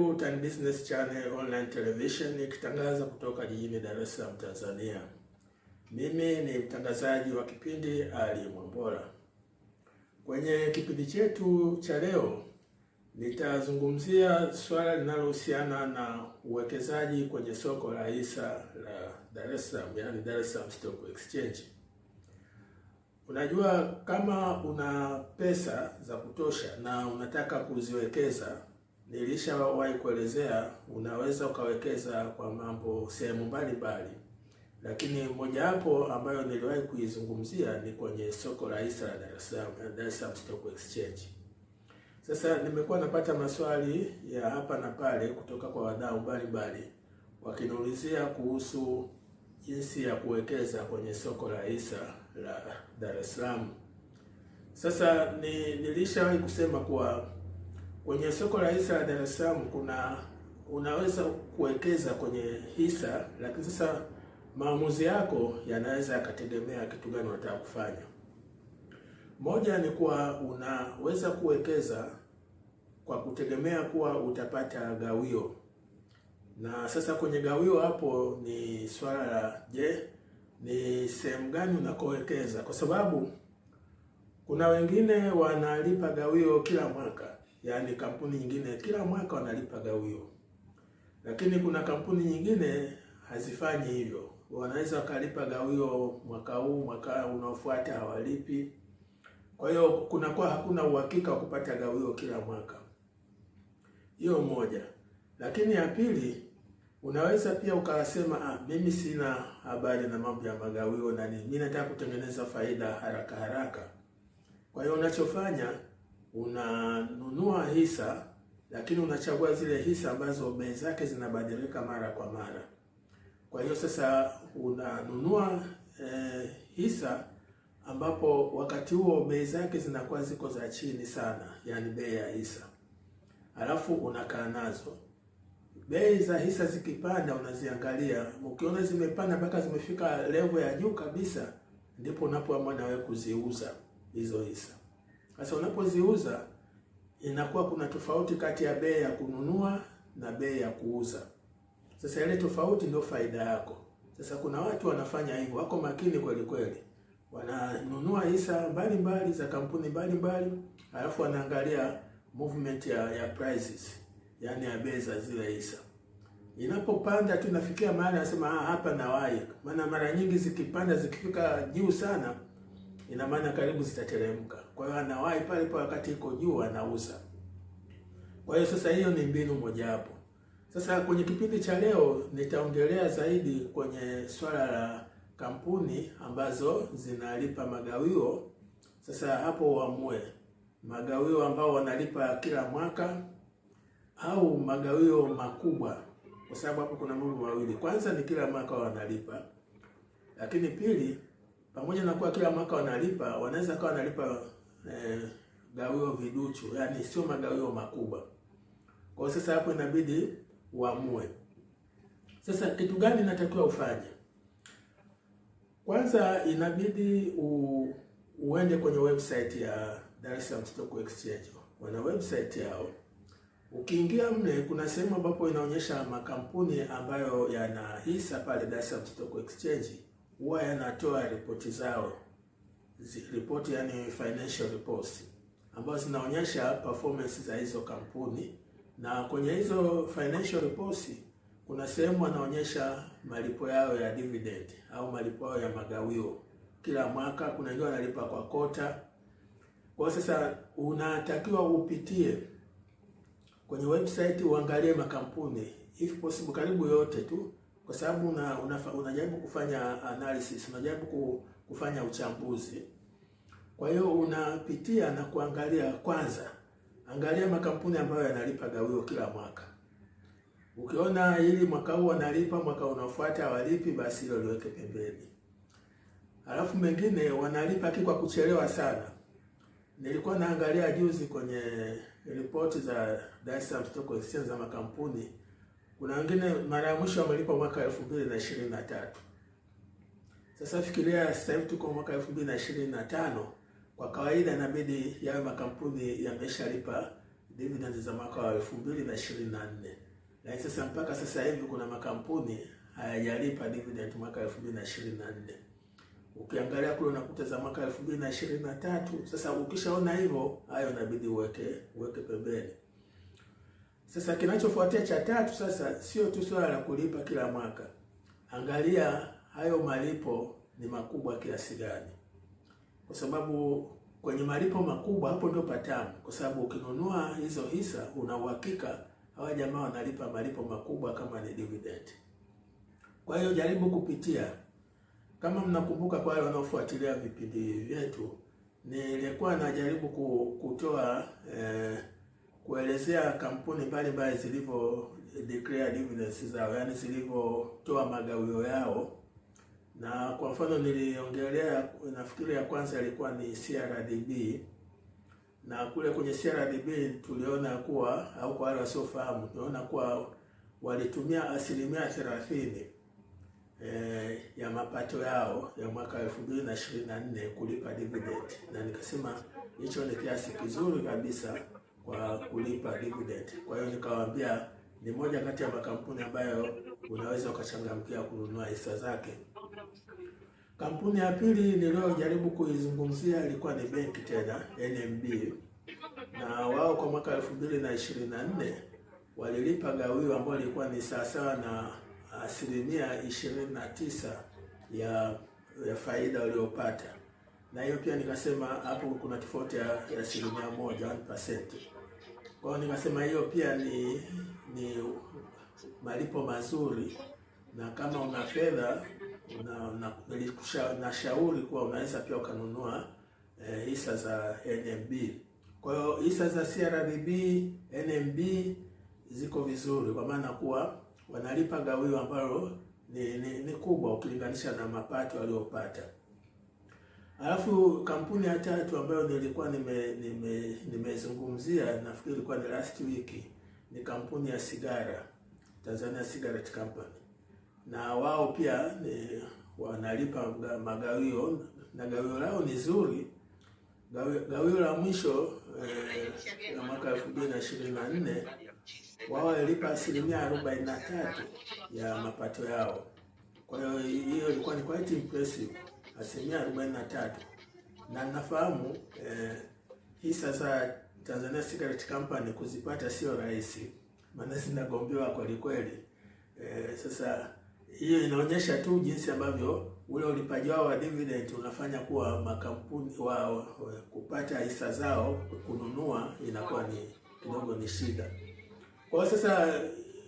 Karibu Tan Business Channel online television ikitangaza kutoka jijini Dar es Salaam, Tanzania. Mimi ni mtangazaji wa kipindi Ali Mwambola. Kwenye kipindi chetu cha leo nitazungumzia swala linalohusiana na uwekezaji kwenye soko la hisa la Dar es Salaam, yani Dar es Salaam Stock Exchange. Unajua, kama una pesa za kutosha na unataka kuziwekeza nilishawahi kuelezea, unaweza ukawekeza kwa mambo sehemu mbalimbali, lakini mojawapo ambayo niliwahi kuizungumzia ni kwenye soko la hisa la Dar es Salaam, Dar es Salaam Stock Exchange. Sasa nimekuwa napata maswali ya hapa na pale kutoka kwa wadau mbalimbali wakiniulizia kuhusu jinsi ya kuwekeza kwenye soko la hisa la Dar es Salaam. Sasa ni nilishawahi kusema kuwa Kwenye soko la hisa la Dar es Salaam kuna unaweza kuwekeza kwenye hisa, lakini sasa maamuzi yako yanaweza yakategemea kitu gani unataka kufanya. Moja ni kuwa unaweza kuwekeza kwa kutegemea kuwa utapata gawio, na sasa kwenye gawio hapo ni swala la je, ni sehemu gani unakowekeza, kwa sababu kuna wengine wanalipa gawio kila mwaka yaani kampuni nyingine kila mwaka wanalipa huyo, lakini kuna kampuni nyingine hazifanyi hivyo. Wanaweza wakalipa gawio mwaka huu, mwaka unaofuata hawalipi. Kwa hiyo kunakuwa hakuna uhakika wa kupata gawio kila mwaka. Hiyo moja, lakini ya pili unaweza pia ukasema ah, mimi sina habari na mambo ya magawio na nini, mimi nataka kutengeneza faida haraka haraka. Kwa hiyo unachofanya unanunua hisa lakini unachagua zile hisa ambazo bei zake zinabadilika mara kwa mara. Kwa hiyo sasa unanunua eh, hisa ambapo wakati huo bei zake zinakuwa ziko za chini sana, yani bei ya hisa, alafu unakaa nazo. Bei za hisa zikipanda, unaziangalia, ukiona zimepanda mpaka zimefika level ya juu kabisa, ndipo unapoamua nawe kuziuza hizo hisa. Sasa unapoziuza inakuwa kuna tofauti kati ya bei ya kununua na bei ya kuuza. Sasa ile tofauti ndio faida yako. Sasa kuna watu wanafanya hivyo, wako makini kweli kweli, wananunua hisa mbalimbali za kampuni mbalimbali, alafu wanaangalia movement ya, ya prices, yani ya bei za zile hisa. Inapopanda tu inafikia mahali anasema ah, hapa nawahi. Maana mara nyingi zikipanda zikifika juu sana, ina maana karibu zitateremka. Kwa hiyo anawahi pale pale, wakati iko juu anauza. Kwa hiyo sasa, hiyo ni mbinu moja hapo. Sasa kwenye kipindi cha leo nitaongelea zaidi kwenye swala la kampuni ambazo zinalipa magawio. Sasa hapo uamue magawio ambao wanalipa kila mwaka au magawio makubwa, kwa sababu hapo kuna mambo mawili. Kwanza ni kila mwaka wanalipa, lakini pili, pamoja na kuwa kila mwaka wanalipa, wanaweza kawa wanalipa Eh, gawio viduchu, yani sio magawio makubwa. Kwa sasa hapo inabidi uamue sasa kitu gani natakiwa ufanye. Kwanza inabidi u, uende kwenye website ya Dar es Salaam Stock Exchange, wana website yao. Ukiingia mle kuna sehemu ambapo inaonyesha makampuni ambayo yana hisa pale Dar es Salaam Stock Exchange huwa yanatoa ripoti zao report, yani financial reports ambazo zinaonyesha performance za hizo kampuni, na kwenye hizo financial reports kuna sehemu wanaonyesha malipo yao ya dividend au malipo yao ya magawio kila mwaka. Kuna wengine wanalipa kwa kota. Kwa sasa unatakiwa upitie kwenye website uangalie makampuni if possible, karibu yote tu, kwa sababu una, una, kufanya analysis, unajaribu ku, kufanya uchambuzi. Kwa hiyo unapitia na kuangalia kwanza, angalia makampuni ambayo yanalipa gawio kila mwaka. Ukiona hili mwaka huu wanalipa, mwaka unaofuata hawalipi, basi hilo liweke pembeni. Alafu mengine wanalipa kwa kuchelewa sana. Nilikuwa naangalia juzi kwenye ripoti za Dar es Salaam Stock Exchange za makampuni, kuna wengine mara ya mwisho wamelipa mwaka 2023. Sasa fikiria sasa hivi tuko mwaka elfu mbili na ishirini na tano. Kwa kawaida inabidi yayo makampuni yameshalipa dividend za mwaka wa elfu mbili na ishirini na nne, lakini sasa mpaka sasa hivi kuna makampuni hayajalipa dividend mwaka elfu mbili na ishirini na nne. Ukiangalia kule unakuta za mwaka elfu mbili na ishirini na tatu. Sasa ukishaona hivyo, hayo inabidi uweke uweke pembeni. Sasa kinachofuatia cha tatu, sasa sio tu swala la kulipa kila mwaka, angalia hayo malipo ni makubwa kiasi gani, kwa sababu kwenye malipo makubwa hapo ndio patamu, kwa sababu ukinunua hizo hisa una uhakika hawa jamaa wanalipa malipo makubwa kama ni dividend. Kwa hiyo jaribu kupitia, kama mnakumbuka, kwa wale wanaofuatilia vipindi vyetu, nilikuwa najaribu kutoa eh, kuelezea kampuni mbalimbali zilivyo declare dividends zao, yaani zilivyotoa magawio yao na kwa mfano niliongelea, nafikiri ya kwanza ilikuwa ni CRDB, na kule kwenye CRDB tuliona kuwa au kwa wale wasiofahamu, tunaona kuwa walitumia asilimia thelathini eh, ya mapato yao ya mwaka elfu mbili na ishirini na nne kulipa dividend, na nikasema hicho ni kiasi kizuri kabisa kwa kulipa dividend. Kwa hiyo nikawaambia ni moja kati ya makampuni ambayo unaweza ukachangamkia kununua hisa zake. Kampuni ya pili niliyojaribu kuizungumzia ilikuwa ni benki tena NMB, na wao kwa mwaka elfu mbili na ishirini na nne walilipa gawio ambayo ilikuwa ni sawasawa na asilimia ishirini na tisa ya ya faida waliopata, na hiyo pia nikasema hapo kuna tofauti ya asilimia moja, percent. Kwa hiyo nikasema hiyo pia ni ni malipo mazuri na kama una fedha nashauri na, na kuwa unaweza pia ukanunua eh, hisa za NMB. Kwa hiyo hisa za CRDB, NMB ziko vizuri kwa maana kuwa wanalipa gawio ambalo ni, ni, ni kubwa ukilinganisha na mapato waliopata. Alafu kampuni ya tatu ambayo nilikuwa nimezungumzia nime, nime nafikiri ilikuwa ni last week ni kampuni ya sigara Tanzania Cigarette Company na wao pia ni wanalipa magawio na gawio lao ni zuri. Gawio, la mwisho eh, la mwaka elfu mbili na ishirini na nne wao walilipa asilimia arobaini na tatu ya mapato yao. Kwa hiyo hiyo ilikuwa ni quite impressive, asilimia arobaini na tatu na nafahamu eh, hii sasa Tanzania Cigarette Company kuzipata sio rahisi, maana zinagombewa kwelikweli. Eh, sasa hiyo inaonyesha tu jinsi ambavyo ule ulipaji wao wa dividend unafanya kuwa makampuni wa kupata hisa zao kununua inakuwa ni kidogo ni shida. Kwa hiyo sasa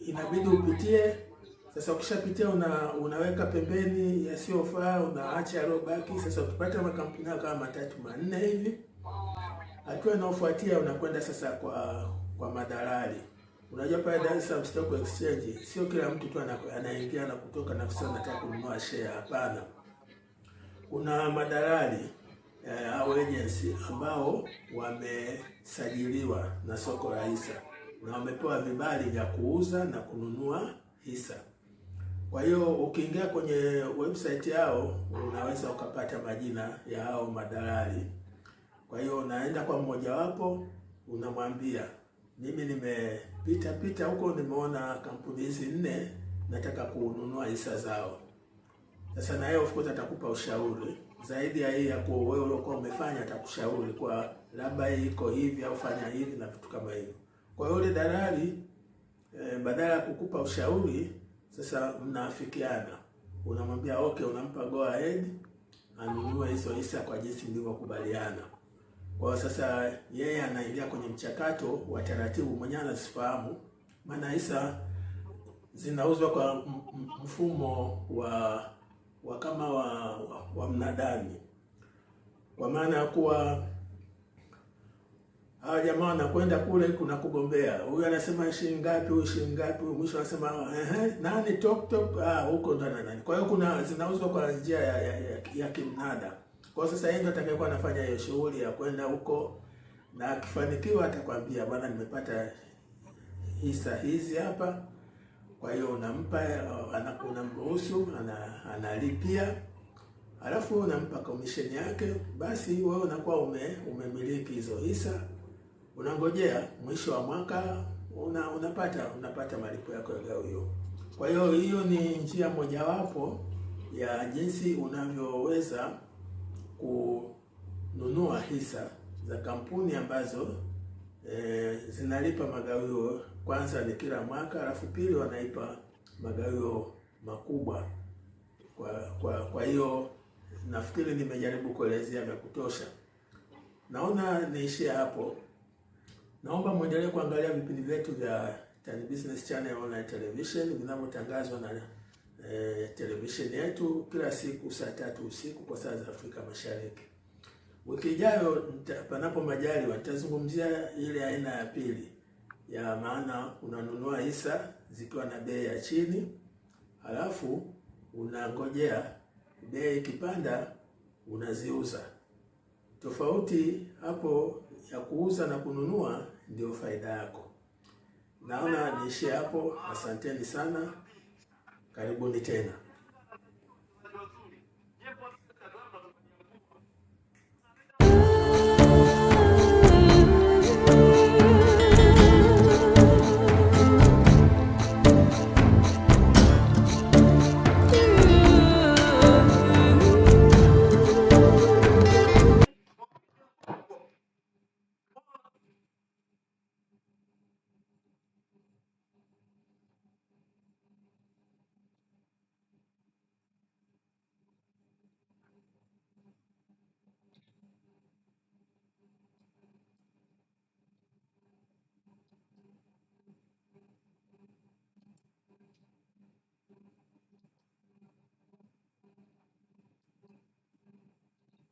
inabidi upitie. Sasa ukishapitia una, unaweka pembeni yasiyofaa, unaacha yaliyobaki. Sasa ukipata makampuni hayo kama matatu manne hivi, hatua inayofuatia unakwenda sasa kwa kwa madalali. Unajua pale Dar es Salaam Stock Exchange sio kila mtu tu anaingia na kutoka na kusema nataka kununua share, hapana. Kuna madalali eh, au agency ambao wamesajiliwa na soko la hisa na wamepewa vibali vya kuuza na kununua hisa. Kwa hiyo ukiingia kwenye website yao unaweza ukapata majina ya hao madalali. Kwa hiyo unaenda kwa mmojawapo, unamwambia mimi nime pita pita huko nimeona kampuni hizi nne nataka kununua hisa zao. Sasa na yeye of course atakupa ushauri zaidi ya hii ya kwa wewe uliokuwa umefanya, atakushauri kwa labda hii iko hivi au fanya hivi na vitu kama hivyo. Kwa hiyo yule dalali e, badala ya kukupa ushauri sasa mnaafikiana, unamwambia okay, unampa go ahead anunue hizo hisa kwa jinsi mlivyokubaliana. Kwa sasa yeye anaingia kwenye mchakato wa taratibu, mwenyewe anazifahamu, maana hisa zinauzwa kwa mfumo wa wa kama wa, wa, wa mnadani, kwa maana ya kuwa hawa jamaa wanakwenda kule, kuna kugombea, huyu anasema shilingi ngapi, huyu shilingi ngapi, mwisho anasema ehe, nani top top, ah, huko ndo nani. Kwa hiyo kuna zinauzwa kwa njia ya, ya, ya, ya kimnada. Kwa sasa hivi atakayekuwa anafanya hiyo shughuli ya kwenda huko na akifanikiwa, atakwambia bwana, nimepata hisa hizi hapa. Kwa hiyo unampa, unamruhusu ana, analipia alafu unampa commission yake, basi wewe unakuwa ume, umemiliki hizo hisa. Unangojea mwisho wa mwaka una, unapata unapata malipo yako ya gawio. Kwa hiyo hiyo ni njia mojawapo ya jinsi unavyoweza kununua hisa za kampuni ambazo e, zinalipa magawio. Kwanza ni kila mwaka, alafu pili wanaipa magawio makubwa. Kwa kwa kwa hiyo nafikiri nimejaribu kuelezea vya kutosha, naona niishie hapo. Naomba mwendelee kuangalia vipindi vyetu vya Tan Business Channel Online Television vinavyotangazwa na Eh, televisheni yetu kila siku saa tatu usiku kwa saa za Afrika Mashariki. Wiki ijayo panapo majaliwa nitazungumzia ile aina ya pili ya maana, unanunua hisa zikiwa na bei ya chini, halafu unangojea bei ikipanda unaziuza. Tofauti hapo ya kuuza na kununua ndio faida yako. Naona niishie hapo. Asanteni sana. Karibuni tena.